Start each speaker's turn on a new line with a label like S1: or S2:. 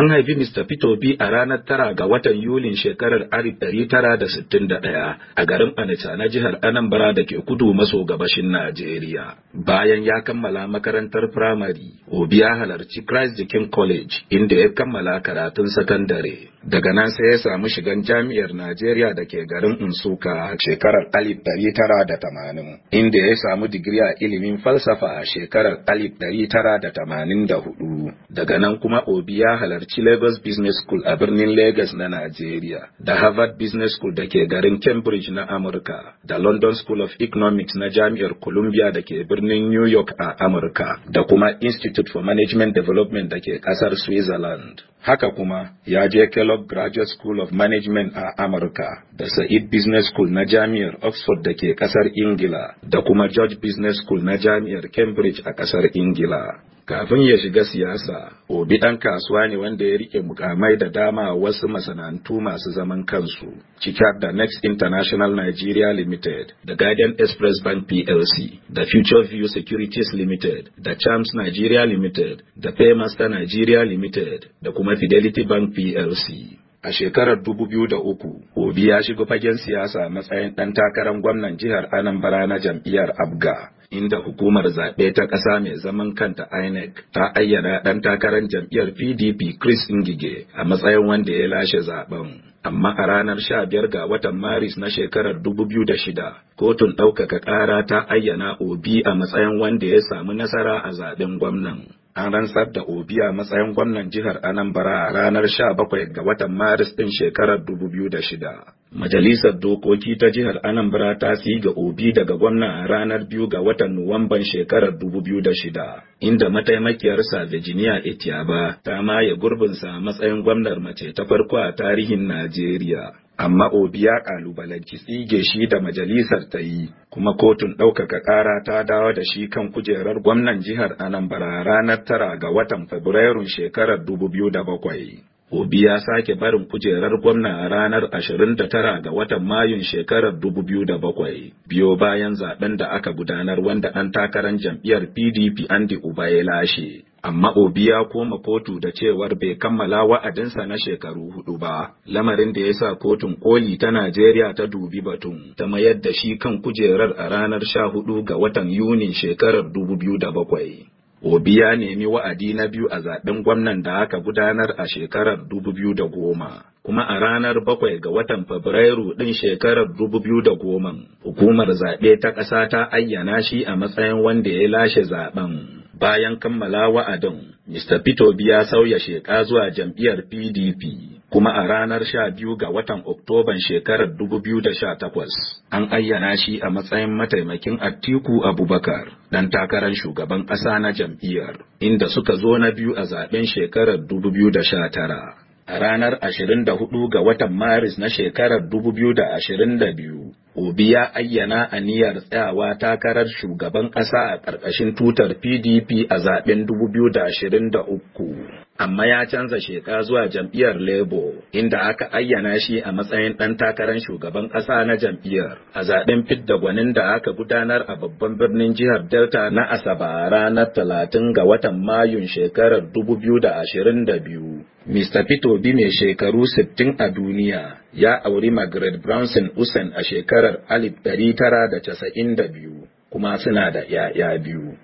S1: An haifi Mr. fitobi B a ranar tara ga watan Yulin shekarar 1961 a garin Anita na jihar Anambra da ke kudu maso gabashin Najeriya. Bayan ya kammala makarantar firamare, Obi ya halarci Christ the King College inda ya kammala karatun sakandare. Daga nan sai ya samu shigan jami'ar Najeriya da ke garin Nsuka a shekarar 1980, inda ya samu digiri a ilimin falsafa a shekarar 1984. Daga nan kuma Obi ya halarci halarci Lagos Business School a birnin Lagos na Najeriya, da Harvard Business School da ke garin Cambridge na Amurka, da London School of Economics na Jami'ar Columbia da ke birnin New York a Amurka, da kuma Institute for Management Development da ke ƙasar Switzerland. Haka kuma ya je Kellogg Graduate School of Management a Amurka da Said Business School na Jami'ar Oxford da ke ƙasar Ingila da kuma George Business School na Jami'ar Cambridge a ƙasar Ingila. kafin ya shiga siyasa obi ɗan kasuwa ne wanda ya rike mukamai da dama wasu masana'antu masu zaman kansu cikar da next international nigeria limited da guardian express bank plc da future view securities limited da champs nigeria limited da paymaster nigeria limited da kuma fidelity bank plc A shekarar 2003, Obi ya shiga fagen siyasa matsayin ɗan takarar gwamnan jihar Anambra na jam'iyyar Abga. inda hukumar zaɓe ta ƙasa mai zaman kanta INEC ta ayyana ɗan takarar jam'iyyar PDP Chris Ngige a matsayin wanda ya lashe zaɓen. Amma a ranar sha biyar ga watan Maris na shekarar dubu biyu da shida, kotun ɗaukaka ƙara ta ayyana Obi a matsayin wanda ya samu nasara a zaɓen gwamnan. an rantsar da Obi a matsayin gwamnan jihar Anambra a ranar sha bakwai ga watan Maris ɗin shekarar da shida.
S2: Majalisar
S1: Dokoki ta jihar Anambra ta siyi ga Obi daga gwamnan a ranar biyu ga watan Nuwamban shekarar dubu biyu da shida. inda mataimakiyarsa Virginia Etiaba ta maye gurbinsa a matsayin gwamnar mace ta farko a tarihin Najeriya. amma obi ya kalubalanci tsige shi da majalisar ta yi kuma kotun ɗaukaka ƙara ta dawo da shi kan kujerar gwamnan jihar anambra ranar tara ga watan Fabrairu shekarar 2007 Obi ya sake barin kujerar gwamna a ranar 29 ga watan Mayun shekarar 2007 biyo bayan zaben da aka gudanar wanda an takarar jam'iyyar PDP Andy Uba ya lashe. amma Obi ya koma kotu da cewar bai kammala wa'adinsa na shekaru hudu ba, lamarin da ya sa kotun koli ta Najeriya ta dubi batun, ta mayar da shi kan kujerar a ranar sha hudu ga watan Yunin shekarar dubu biyu da bakwai. Obi ya nemi wa'adi na biyu a zaɓen gwamnan da aka gudanar a shekarar dubu biyu da goma. kuma a ranar bakwai ga watan Fabrairu ɗin shekarar dubu biyu da goma, hukumar zaɓe ta ƙasa ta ayyana shi a matsayin wanda ya lashe zaɓen. Bayan kammala wa'adin, Mr. Pito ya sauya sheka zuwa jam'iyyar PDP kuma a ranar 12 ga watan Oktoban shekarar 2018 an ayyana shi a matsayin mataimakin Atiku Abubakar dan takarar shugaban ƙasa na jam'iyyar inda suka zo na biyu a zaben shekarar 2019. a ranar 24 ga watan Maris na shekarar 2022, Obi ya ayyana aniyar tsayawa takarar shugaban ƙasa a ƙarƙashin tutar PDP a zaɓen 2023, amma ya canza sheka zuwa jam'iyyar Labour, inda aka ayyana shi a matsayin ɗan takarar shugaban ƙasa na jam'iyyar a zaɓen fidda gwanin da aka gudanar a babban birnin jihar Delta na Asaba ranar talatin ga watan Mayun shekarar 2022. Mr. Pito bi mai shekaru 60 a duniya ya auri Margaret Brownson Usen a shekarar 1992 kuma suna da ‘ya'ya biyu.